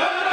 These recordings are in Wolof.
¡Gracias!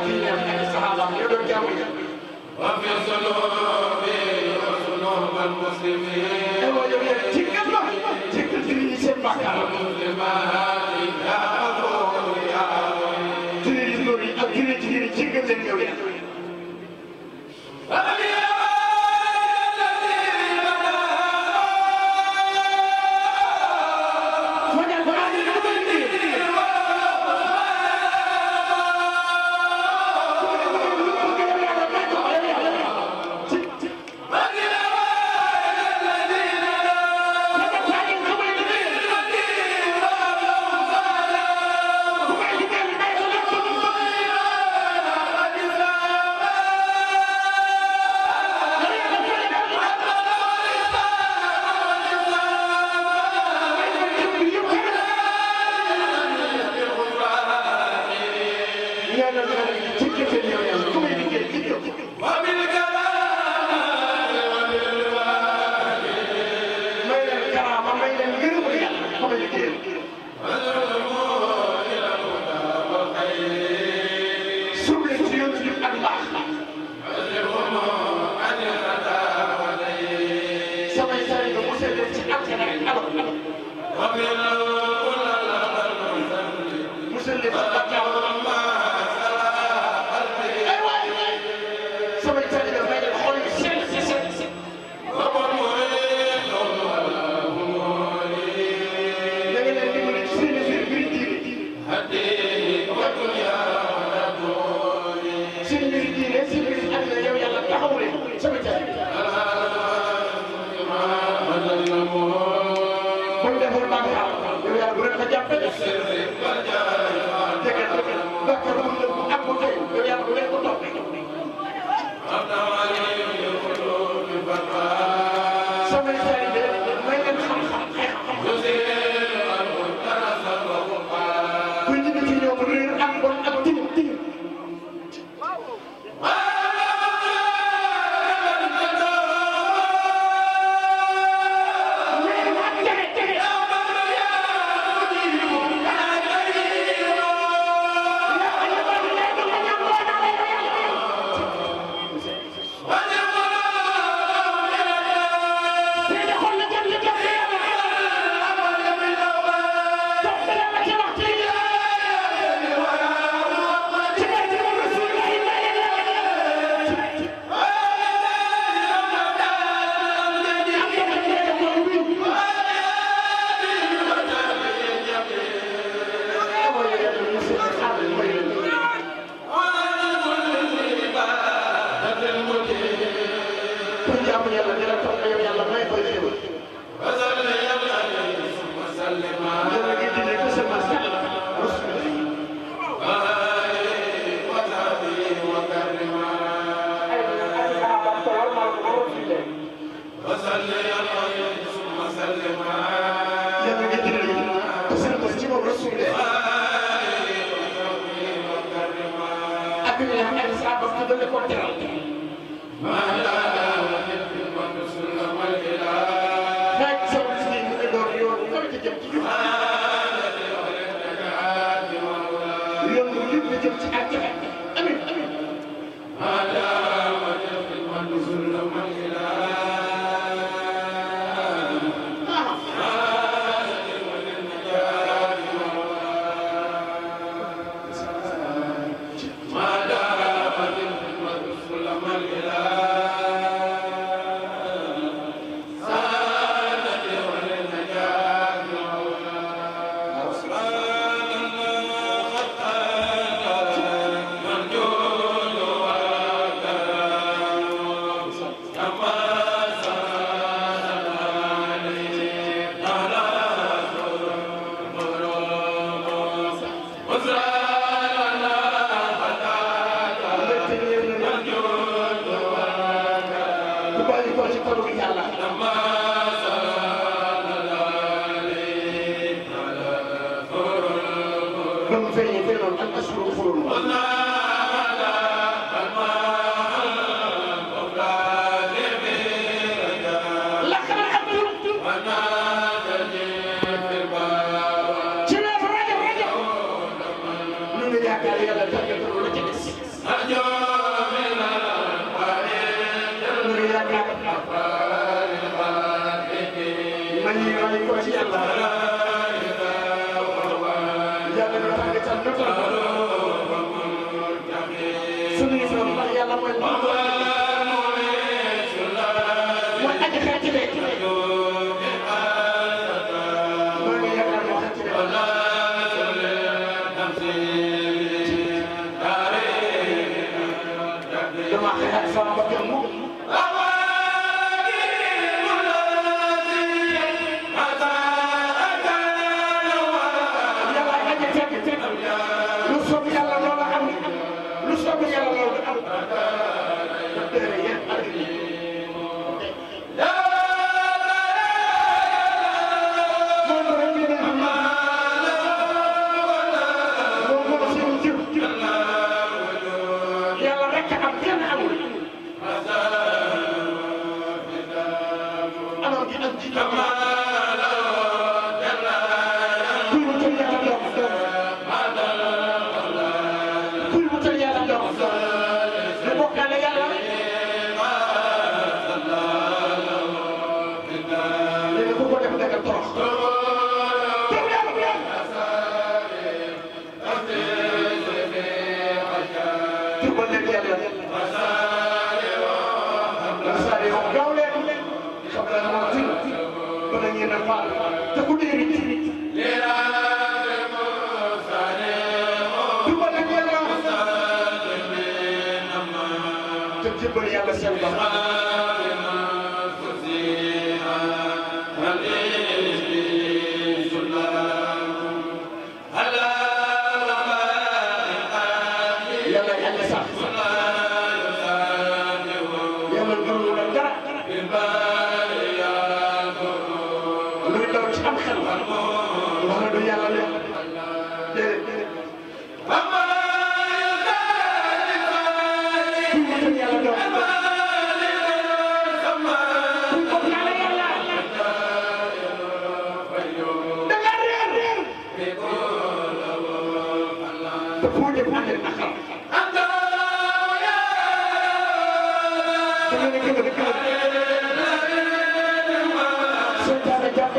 ak li ñoom ay saxaabaam ñoo doon jaamu yàlla. waa fi sunubi wa sunubal muslimin. ci kër la ci kër seen bàkkaar a a a Thank you.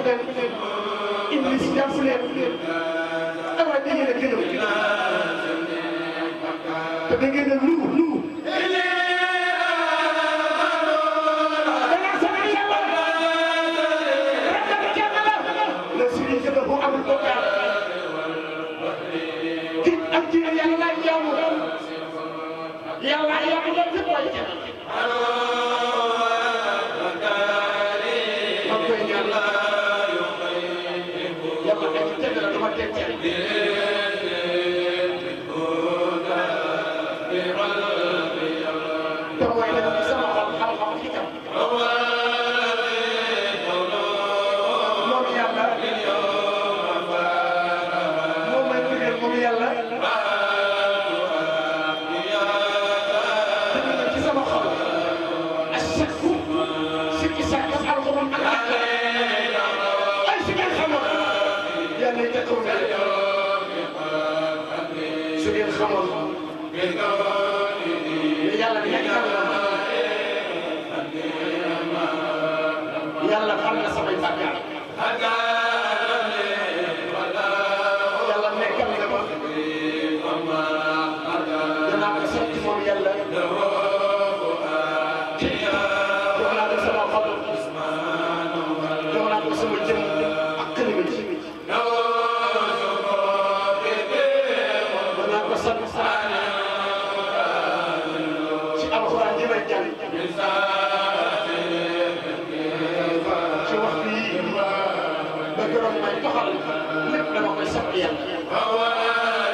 leen Iblis jàpp leen awa da ngeen a gën a te da ngeen a gërëm may doxal lépp dama koy sant yàlla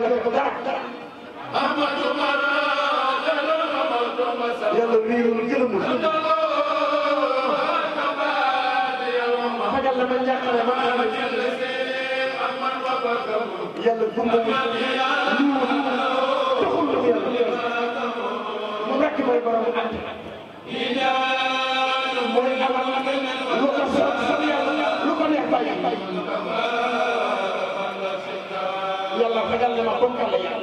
yàlla réew mi gërëmul. xajal na ma njàqare ma am. yàlla gunge ma. lii ma taxul ndox yàlla. mu rekk may borom ànd. mooy amal lu ko soog soog yàlla lu ko neex bàyyi. mi dal le ma kon kan le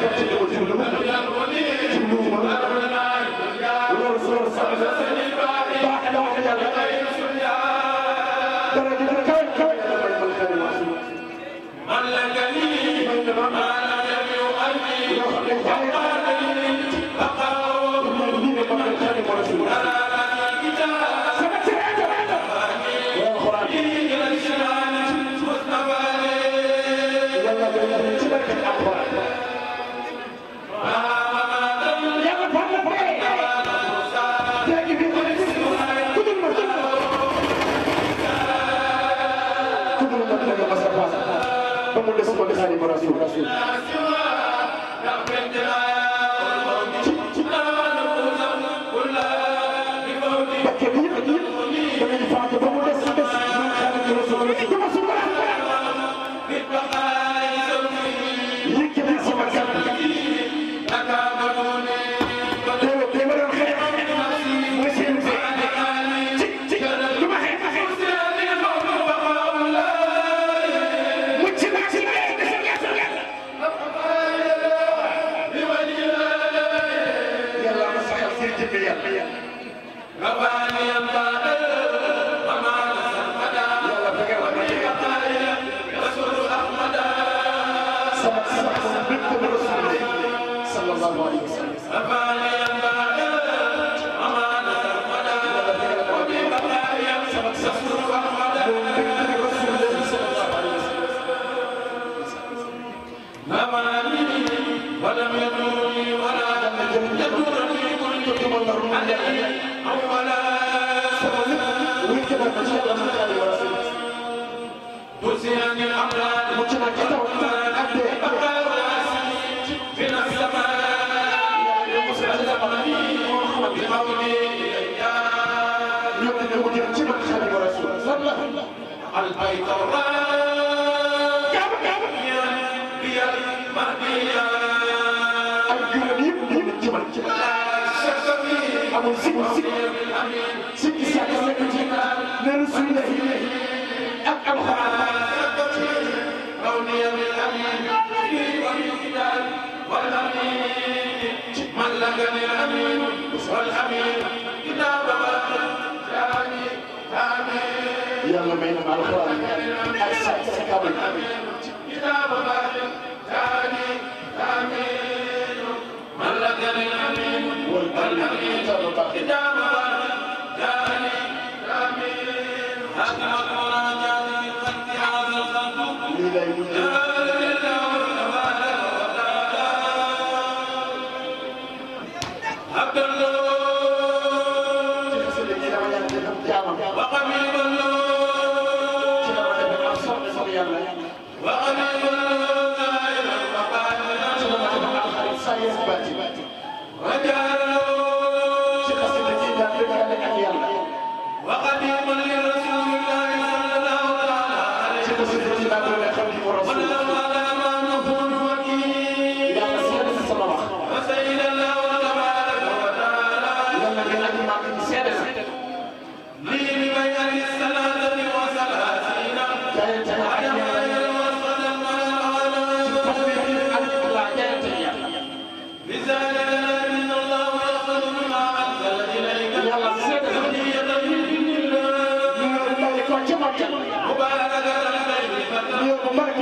that particular والأمين والأمين كتاب ma alxuraan ak sa sa kabal wala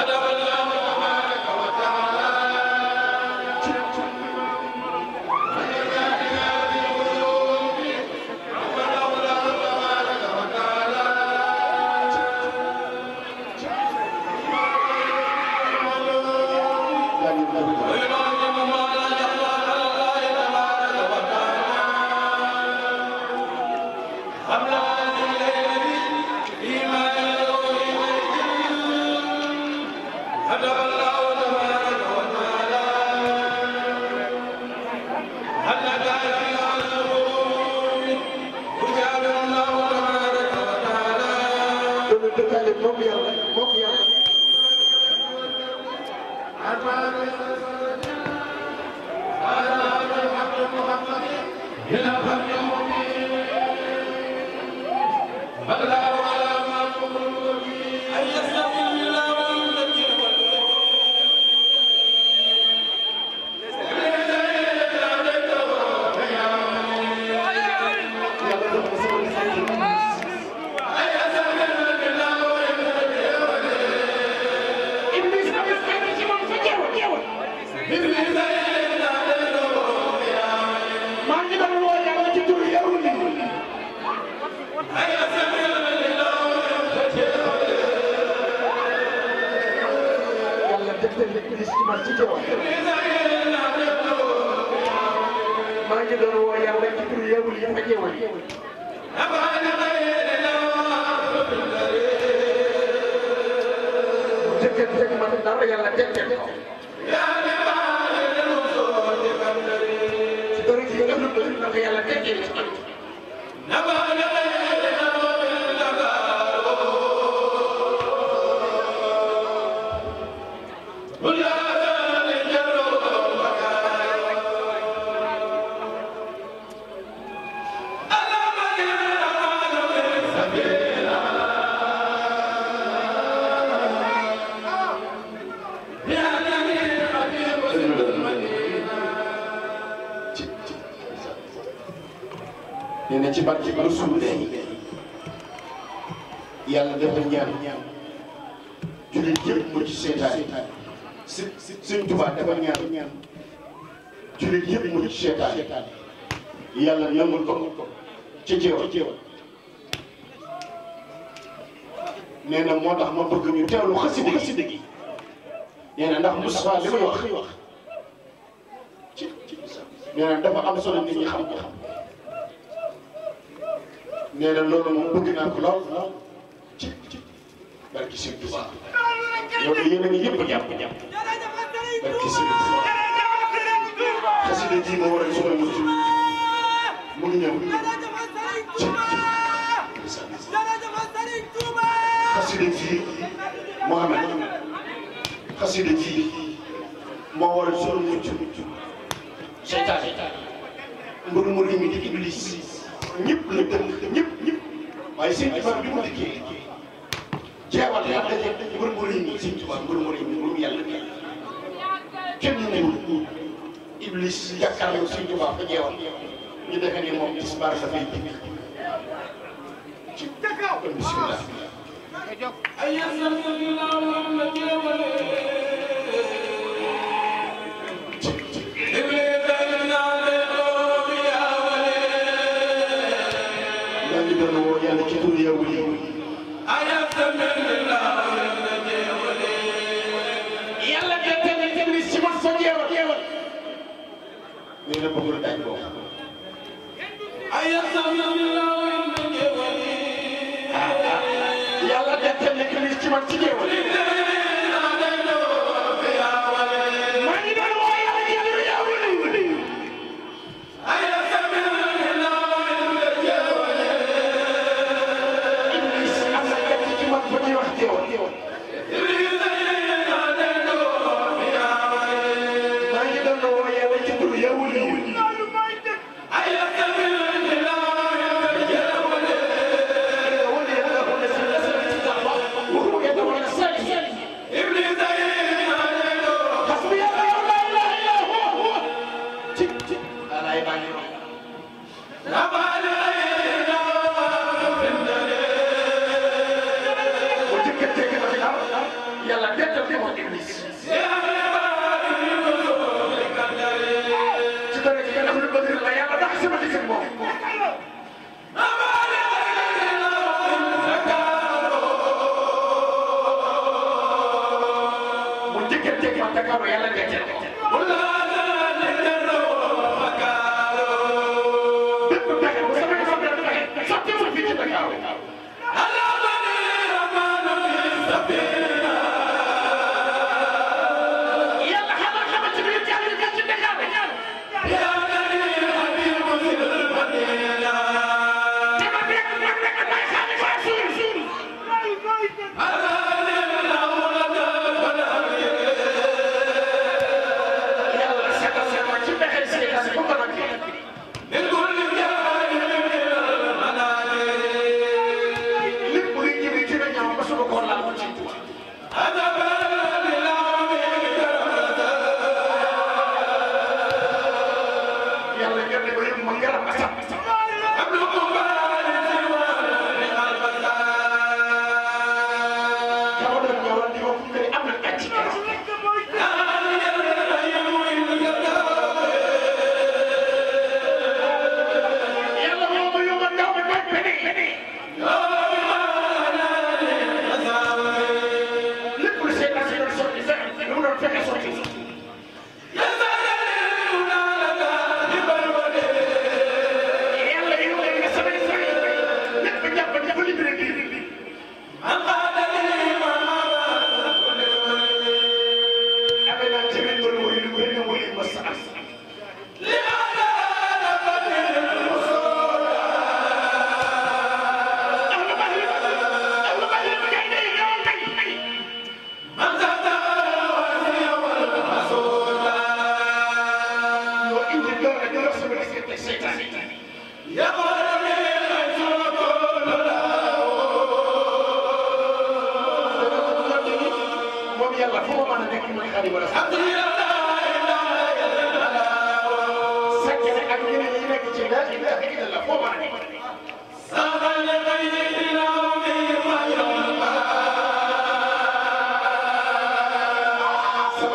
أحدا jëlee ci man.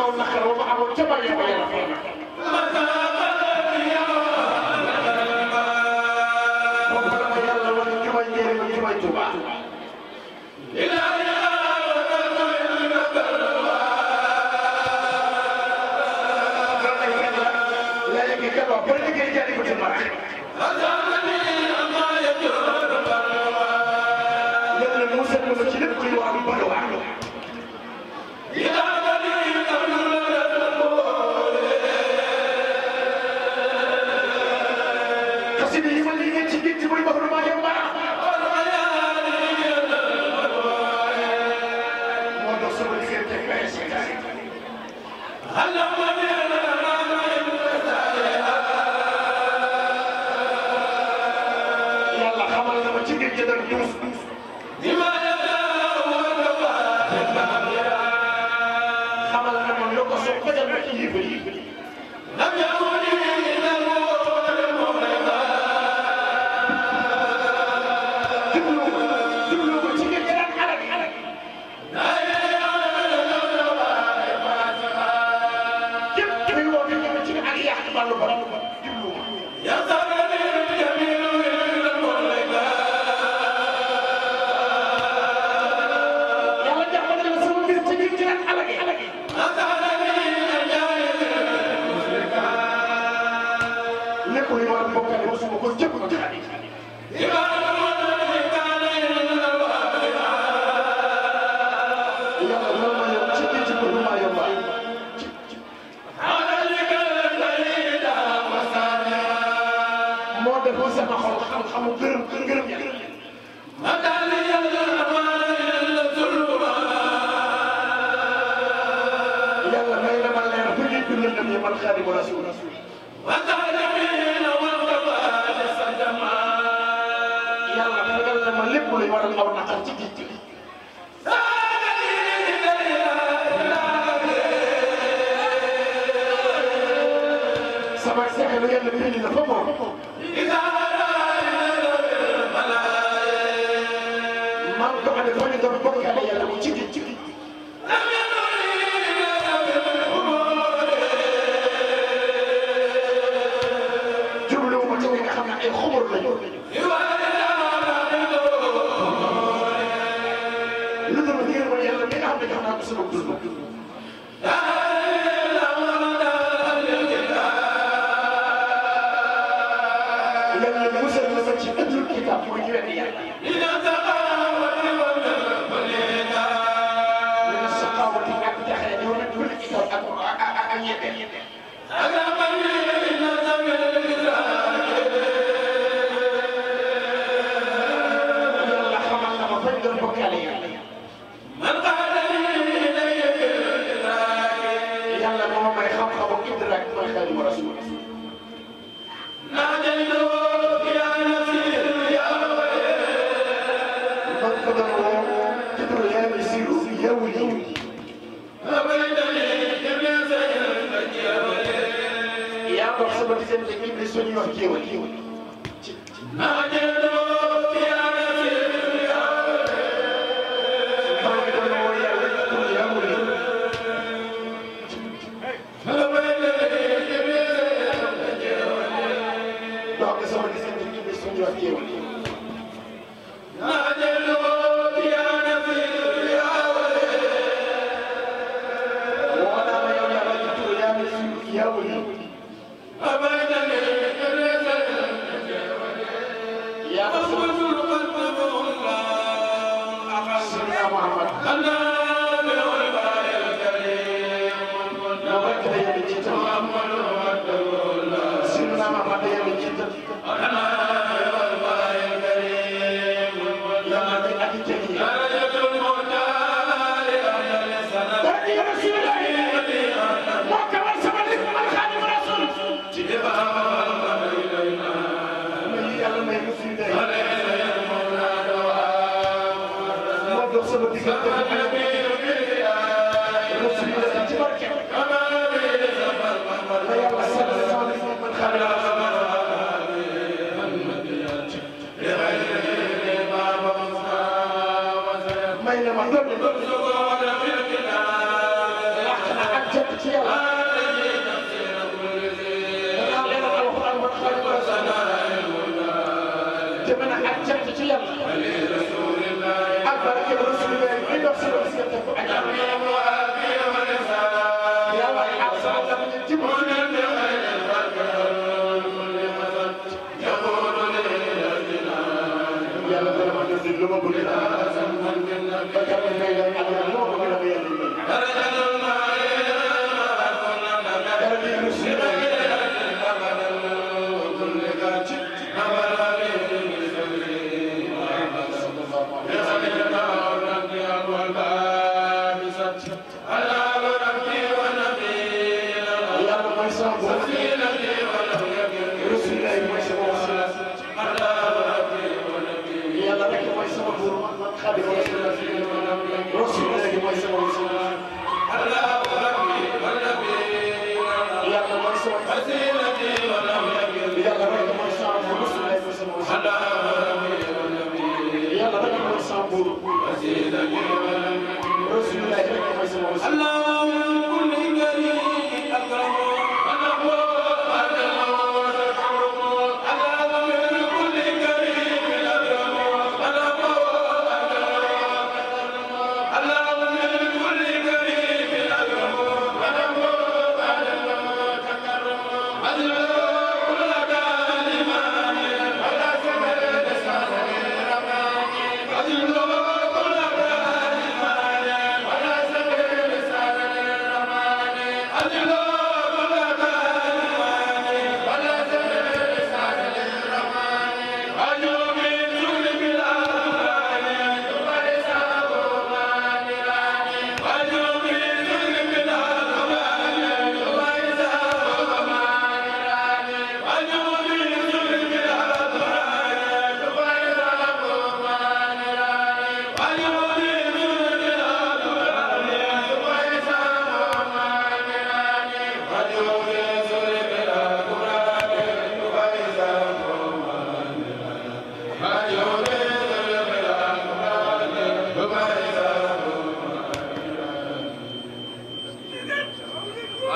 amoon naqar wa ma amoon ca bàyyi ko yàlla xam-xamam gërëm gërëm yàlla may na ma leer bu ñu jullit dem yi man xaadimu rasul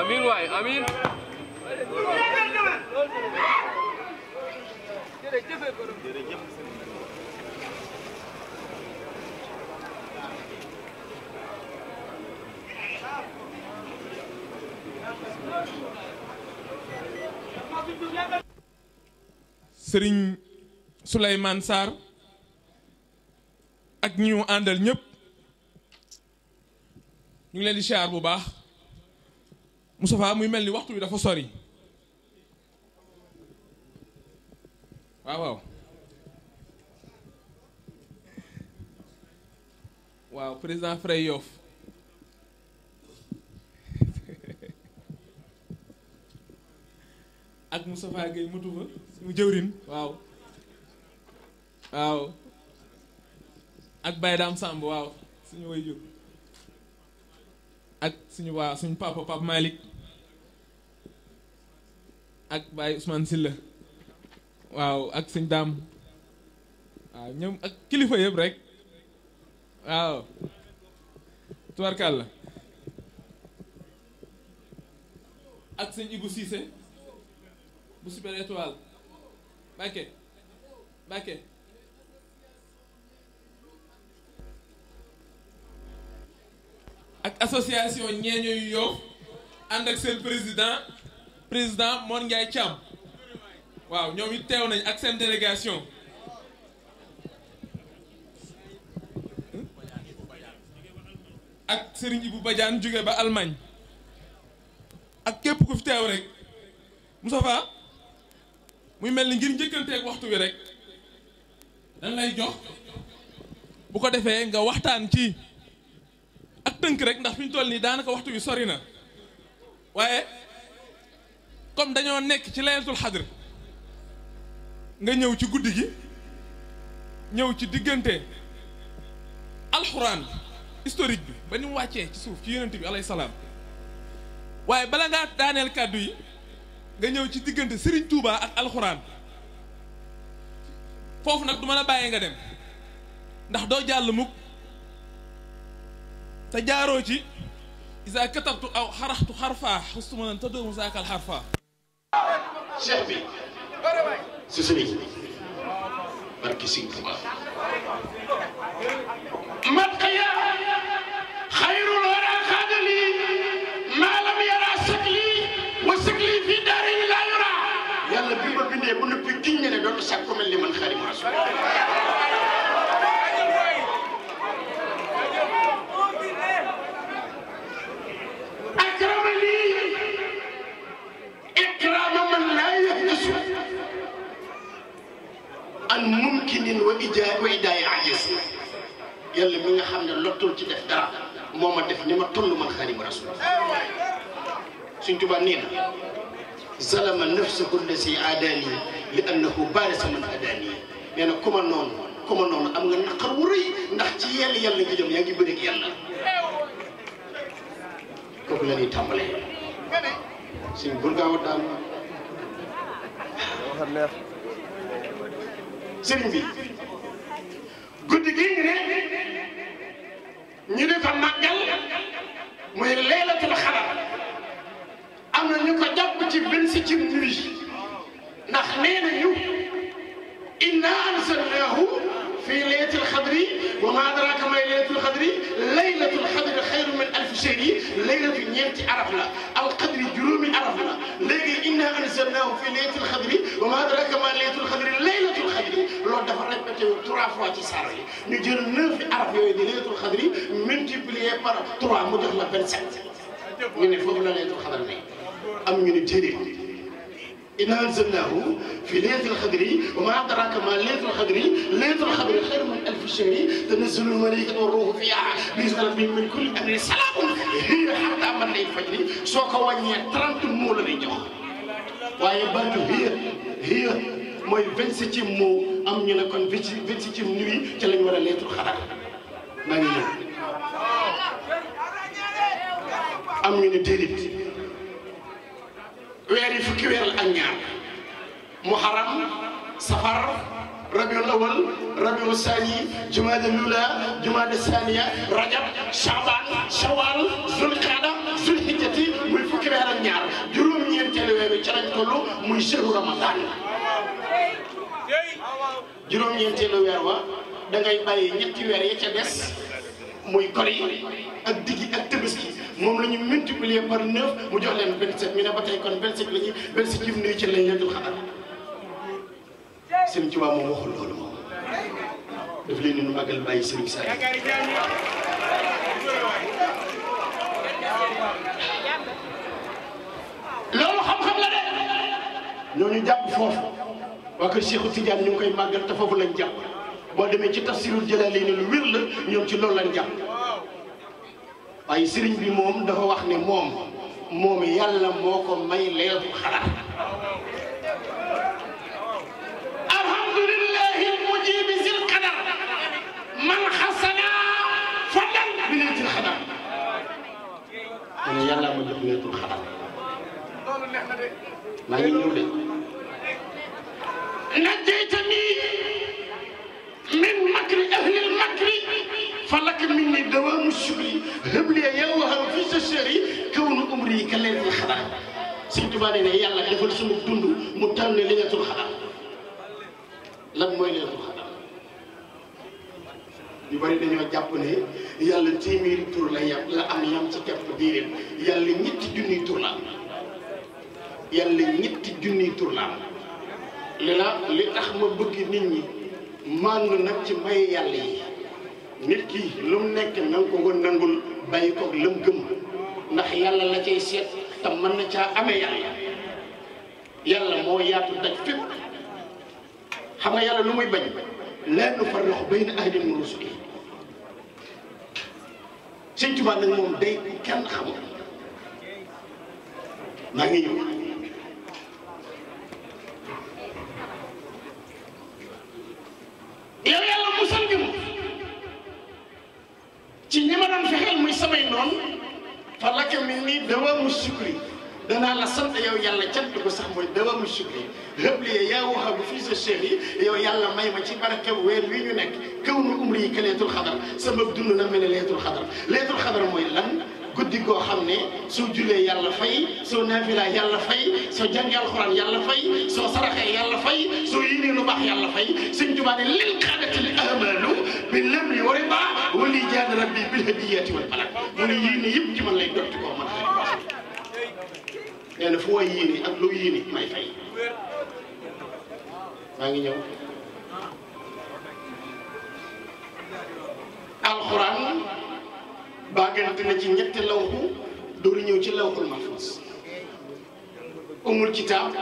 amiin waay amiin ak ñi mu àndal ñëpp ñu ngi leen di siyaar bu baax Moustapha muy mel ni waxtu bi dafa sori waaw waaw waaw président Frey Yoff ak Moustapha Gueye mutu fa mu jëwrin waaw waaw ak Baye Dame waaw suñu way jóg ak suñu waa suñu papa Pape Malick ak Baye Ousmane Sylla waaw ak sëñ daam waaw ñoom ak kilifa yëpp rek waaw tubarkàlla ak sëñ Ibou Cissé bu Super Étoile Mbacké Mbacké ak association a yu yow ànd ak seen président président Mor ngay Thiam waaw ñoom it teew nañ ak seen délégation ak Serigne Ibou bajaan jóge ba Allemagne ak képp ku fi teew rek musafa muy mel ni ngir njëkkanteeg waxtu wi rek dañ lay jox bu ko defee nga waxtaan ci ak tënk rek ndax fi ñu toll nii daanaka waxtu wi sori na waaye comme dañoo nekk ci layatul xadr nga ñëw ci guddi gi ñëw ci diggante alxuraan historique bi ba ñu wàccee ci suuf ci yonent bi alayhi salaam waaye bala ngaa daaneel kàddu yi nga ñëw ci diggante Serigne Touba ak alxuraan foofu nag du ma la bàyyee nga dem ndax doo jàll mukk te jaaroo ci isa katabtu aw xaraxtu xarfaa xustumanan te doomu saakal cheikh bi su sëriñ barki Sëriñ Tuubaa mat ya xayrul wara xaadali maa lam yara sëkli wa sëkli fi daari laa yura yàlla bi ma bindee bu noppi giñ ne doon sàkku mel ni man xaari an mumkinin nga xam ne lottul ci def dara moo ma def ni ma toll man xaadimu rasul suñ na zalama adaani nee na ku ma noonu ku ma noonu am nga naqar wu rëy ndax ci yàlla yàlla ngi jëm yaa la ñuy tàmbalee suñ sëriñ bi guddi gi ñu ne ñu di ko màggal muy leelatul xadar am na ñu ko jàpp ci benn si ci nuit ndax nee na ñu inna ansalnaahu fi leelatul xadri wa ma adraka may leelatul xadri laylatul xadri xayru min alfi shahri leylatu ñeenti arab la alxadri juróom سميناه في ليله الخدري وما ادراك ما ليله الخدري ليله الخدري لو دفع لك تي 3 فوا تي ساري نجي 9 عرف يوي دي ليله الخدري ملتيبلي بار 3 مو جخنا 25 من فوق ليله الخدري ام من جديد إن أنزلناه في ليلة الخدري وما أدراك ما ليلة الخدري ليلة الخدري خير من ألف شهر تنزل الملائكة والروح فيها بإذن من, من كل أمر سلام هي حتى من الفجر سوكا وني 30 مولا لجوه waaye baatu hiya hiya mooy vingt-septième moo am ñu ne kon vingt ci lañ war a lettre xadar maa ngi ñëw am ñu ne déedéet weer fukki weer la ak ñaar safar rabiul awal rabiul sani jumaada lula jumaada saniya rajab shaban shawal zulqaada zulhijjati muy fukki weer ak ñaar weeru carañ tollu muy sëru ramadan juróom-ñeenteelu weer wa da ngay bàyyi ñetti weer ya ca des muy kor yi ak diggi ak tëbaski moom la ñu multiplier par neuf mu jox leen vingt sept ñu ne ba kon ni loolu xam-xam la de ñooñu jàpp foofu waa kër Seexu Tijaan ñu ngi koy màggal te foofu lañ jàpp boo demee ci tafsirul Jalaalayn lu wér la ñoom ci loolu lañ jàpp waaye sëriñ bi moom dafa wax ne moom moom yàlla moo ko may leeru xalaat maa ngi ñëw de najjaytani min makri ahlil makri falaka minni dawaamu shukri hëble yow waxal fi sa shari kawnu umri ka leen la xalaat Sëñ Tuubaa ne yàlla defal sunu dund mu tànn li nga tul xalaat lan mooy leen tul xalaat ñu bari dañoo jàpp ne yàlla téeméeri tur la yam la am yam ci kepp diiréen yàlla ñetti junniy tur la yàlla ñetti junniy tur la li la li tax ma bëgg nit ñi ma nag ci may yàlla yi nit ki lum mu nekk na nga ko ko nangul bàyyi ko lam gëm ndax yàlla la cay seet te mën na caa ame yàlla yàlla moo yaatu daj fépp xam nga yàlla lu muy bañ laa nufarriqu bayna ahadin min rusulihi Sëñ Tuubaa nag moom day kenn xamul maa ngi ñëw yow yàlla musal ñu ci ñi ma doon fexeel muy samay noonu fa laka min nii dawaamu sukri danaa la sant yow yàlla cant ko sax mooy dawaamu sukri hëbliye yaa waxabu fii sa cheikh yi yow may ma ci barke weer wi ñu nekk kaw nu umri yi ka leetul xadar sabab dund na mel ne leetul xadar leetul xadar mooy lan guddi goo xam ne soo julee yàlla fay soo naafila yàlla fay soo jàngee alxuraan yàlla fay soo saraxee yàlla fay soo yéenee lu baax yàlla fay sëñ Tuubaa ne lil qaadatil amalu bi lamri yëpp ci man lay dotti koo man lay baax fu way yéene ak loo yéene may fay maa ngi ñëw bàggante na ci ñetti lawxu dooru ñëw ci lawxul mahfuz umul kitaab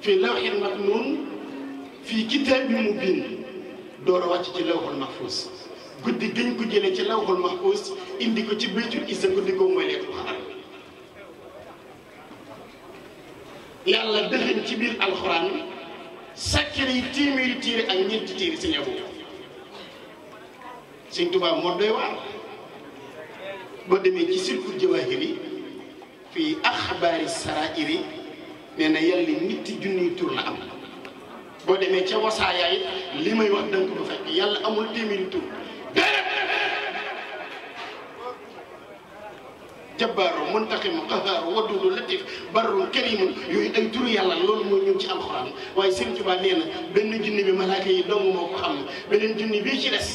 fii lawxin maknuun fii kitaabin mubiin door a wàcc ci lawxul mahfuz guddi gëñ ko jëlee ci lawxul mahfuz indi ko ci baytul isa guddi ko mooy lekk xaram yàlla dëxëñ ci biir alxuraan sàkkir yi téeméeri ak ñeenti téere si ñabu Sëñ Tuubaa moo doy waar boo demee ci silku jawahiri fii axbaari sarairi nee na yàlla nitti junniy tur la am boo demee ca wasaaya it li wax danga ko fekk yàlla amul téeméeri tur jabbaaru muntaqimu qahaaru wadudu latif barru karimun yooyu ay turu yàlla loolu moo ñëw ci alxuraan waaye Sëriñ Tuubaa nee na benn bi malaaka yi dong moo xam beneen junni bii ci des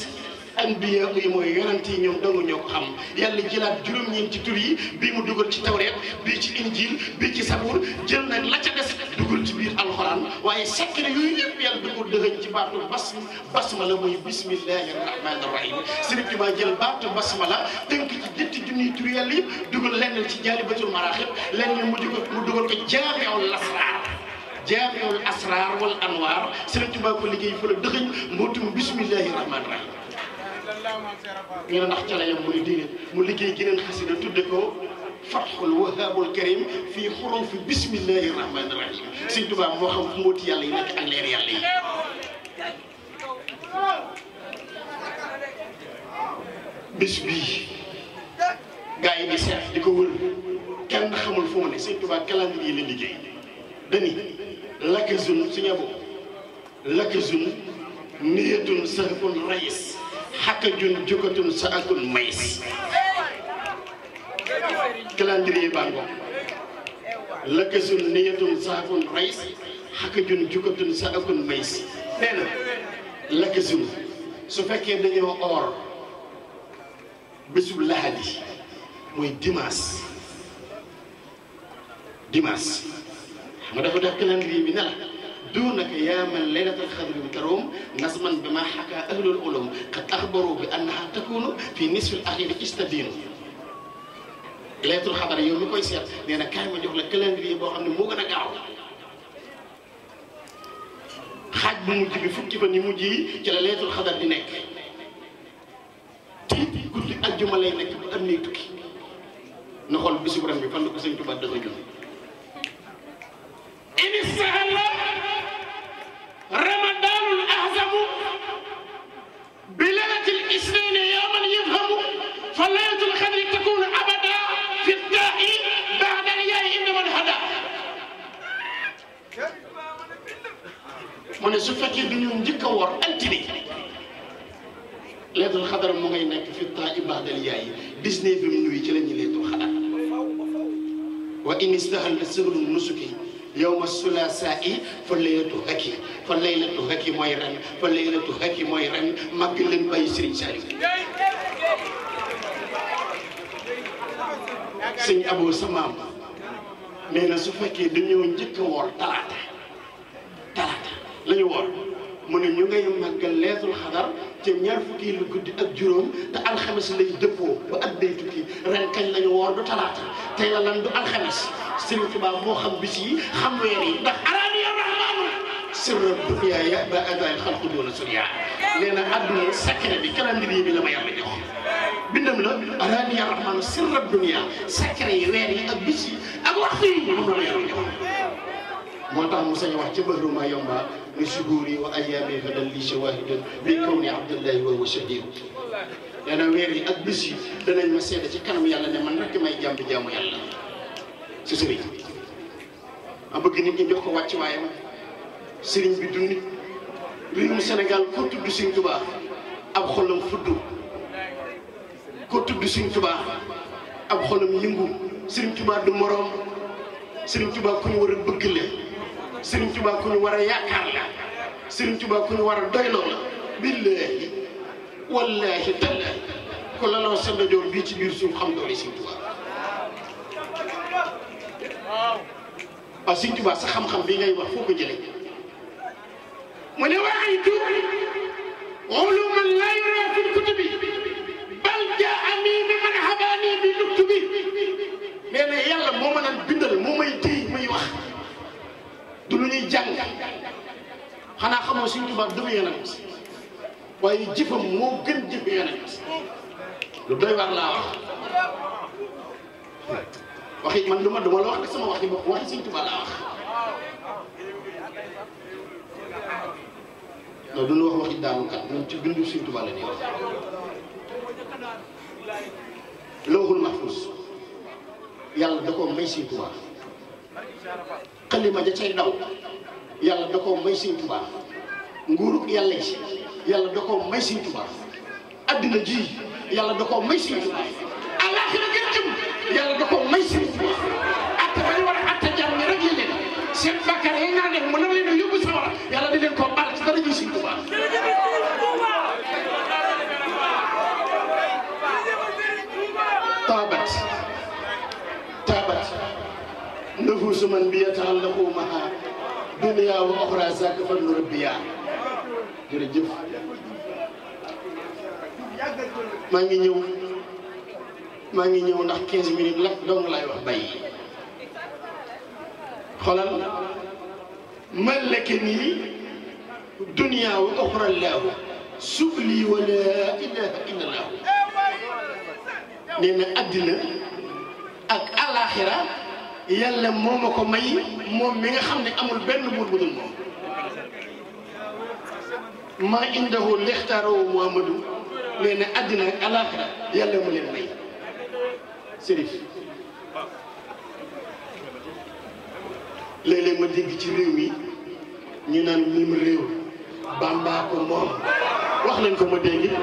anbiya yi mooy yonent ñoom dong ñoo ko xam yàlla jëlaat juróom-ñeenti tur yi bii mu dugal ci tawreet bii ci injil bii ci sabuur jël nag la ca des dugal ci biir alxuraan waaye secret yooyu yëpp yàlla dugal dëxëñ ci baatu bas basmala mooy bismillahi rahmaani rahim sëriñ bi maa jël baatu basmala tënk ci ñetti junniy tur yàlla yëpp dugal lenn ci jaalibatul maraaxib lenn mu dugal mu dugal ko jaamiul lasraar jaamiul asraar wal anwaar sëriñ Tuubaa ko liggéey fa la dëxëñ mbootum bismillahi rahmaani rahim ñu nax ci layam muy diine mu liggéey gi leen xasina tudde ko فتح الوهاب الكريم في حروف بسم الله الرحمن الرحيم سيد با مو خم موت يالله نك انير يالله بسبي غاي دي سيف ديكو وول كين خمول فو ني سيد با كالاندري لي ليجي دني لاكزون سيني بو لاكزون نيتون سيف الرئيس xàkkajun jukkatun sa akun mays calendrier baa ngoog lëkkasun niyatun sa akun rays xàkkajun jukkatun sa akun mays nee na lëkkasun su fekkee dañoo or bésub lahadi mooy dimanche dimanche xam dafa def calendrier bi ne دون قيام ليلة الخضر بتروم نظما بما حكى أهل العلوم قد أخبروا بأنها تكون في نصف الأخير استدين ليلة الخضر يوم كويسير لأن كامل يقول لك كلام اللي يبغى أن موغنا قاعد حاج بموجي بفكي بني موجي كلا ليلة الخضر دينك تيدي قلت أجمع ليلة بأنيتك نقول بسيبرا بفندق سنتو بعد ذلك إن الله رمضان الأعظم بليلة الاثنين يوما يفهم فليلة القدر تكون أبدا في الداء بعد الياء إن من هدى من سفتي دنيوم ديك ور أنت لي ليلة القدر mu في الداء بعد الياء 19 من ci lañu ليلة القدر وإن استهل سر النسك yow ma sulasa i fa laylatu hakki fa laylatu hakki mooy ren fa laylatu hakki mooy ren màgg leen bàyyi Serigne Saliou sëñ Abo sa maam na su fekkee dañoo njëkk a woor talaata talaata la ñu woor mu ne ñu ngay màggal leetul xadar ci ñaar fukkeelu guddi ak juróom te alxames lay dëppoo ba at day tukki ren kañ la ñu woor du talaata tey la lan du alxames Sëriñ Tuubaa moo xam bis yi xam weer yi ndax araani ya rahmaanu sirra dunya ya ba adaay xalqu doona surya nee na àdduna secret bi calendrier bi la ma yàlla jox bindam la araani ya rahmaanu sirra dunya secret yi weer yi ak bis yi ak waxtu yi moom la ma yàlla jox moo tax mu sañ a wax ca bëru ma yomba ni subuuri wa ayaami gadan li shawahidun bi kaw ni abdullahi wa wa shadiru nee weer yi ak bis yi danañ ma seede ci kanam yàlla ne man rekk may jàmb jaamu yàlla si sëriñ ma bëgg nit ñi jox ko wàcc waayam sëriñ bi du nit réewum Sénégal ko tudd Sëriñ Tuubaa ab xolam fudd ko tudd Sëriñ Tuubaa ab xolam yëngu Sëriñ tubaa du moroom Sëriñ Tuubaa ku ñu war a bëgg la سيرن توبا كون ورا ياكار لا سيرن توبا كون ورا دويلو لا بالله والله تلا كل لا سند جور بي سي بير سوف خام دوري سيرن توبا واو ا سيرن توبا سا خام خام بي غاي واخ فوكو جيلي من واحد توبي علوم لا يرى في الكتب بل جاء من من حباني بالكتب نينا يالا مو مانن بيندل مو ماي تي ماي واخ Dulu lu jangan, jàng xanaa xamoo suñ tubaab du mu yonent waaye jëfam moo gën jëf yonent lu doy war laa wax waxi man duma duma la wax sama waxi bopp waxi suñ tubaab dulu wax loolu du ñu wax waxi daanu kat ñun ci bindu suñ tubaab la ñuy wax mahfuz da ko may xalima ja cay daw yàlla da koo may Sëñ Tuubaa nguurug yàlla ji yàlla da koo may Sëñ addina ji yàlla da koo may Sëñ Tuubaa da koo may Sëñ atta bañ war atta jàmm rek yi leen seen bàkkaar naa def mën na leen a yóbbu sawara yàlla di leen koo baal ci dara ji Sëñ زمن بيتعلقوا معها دنيا واخرى ساكفا نربيا جرجف ماني نيو ماني نيو نخ 15 مينيت لا دون لاي واخ باي خلال ملكني دنيا واخرى الله سبلي ولا اله الا الله نينا ادنا اك الاخره يالا مومو ماي موم ميغا خامني امول بن بور بودول موم ما عنده لختارو محمد لين ادنا الاخره يالا مولين ماي سيريف لي لي ما ديغ سي ريوي ني نان ميم ريو بامبا كو موم واخ نان كو ما ديغي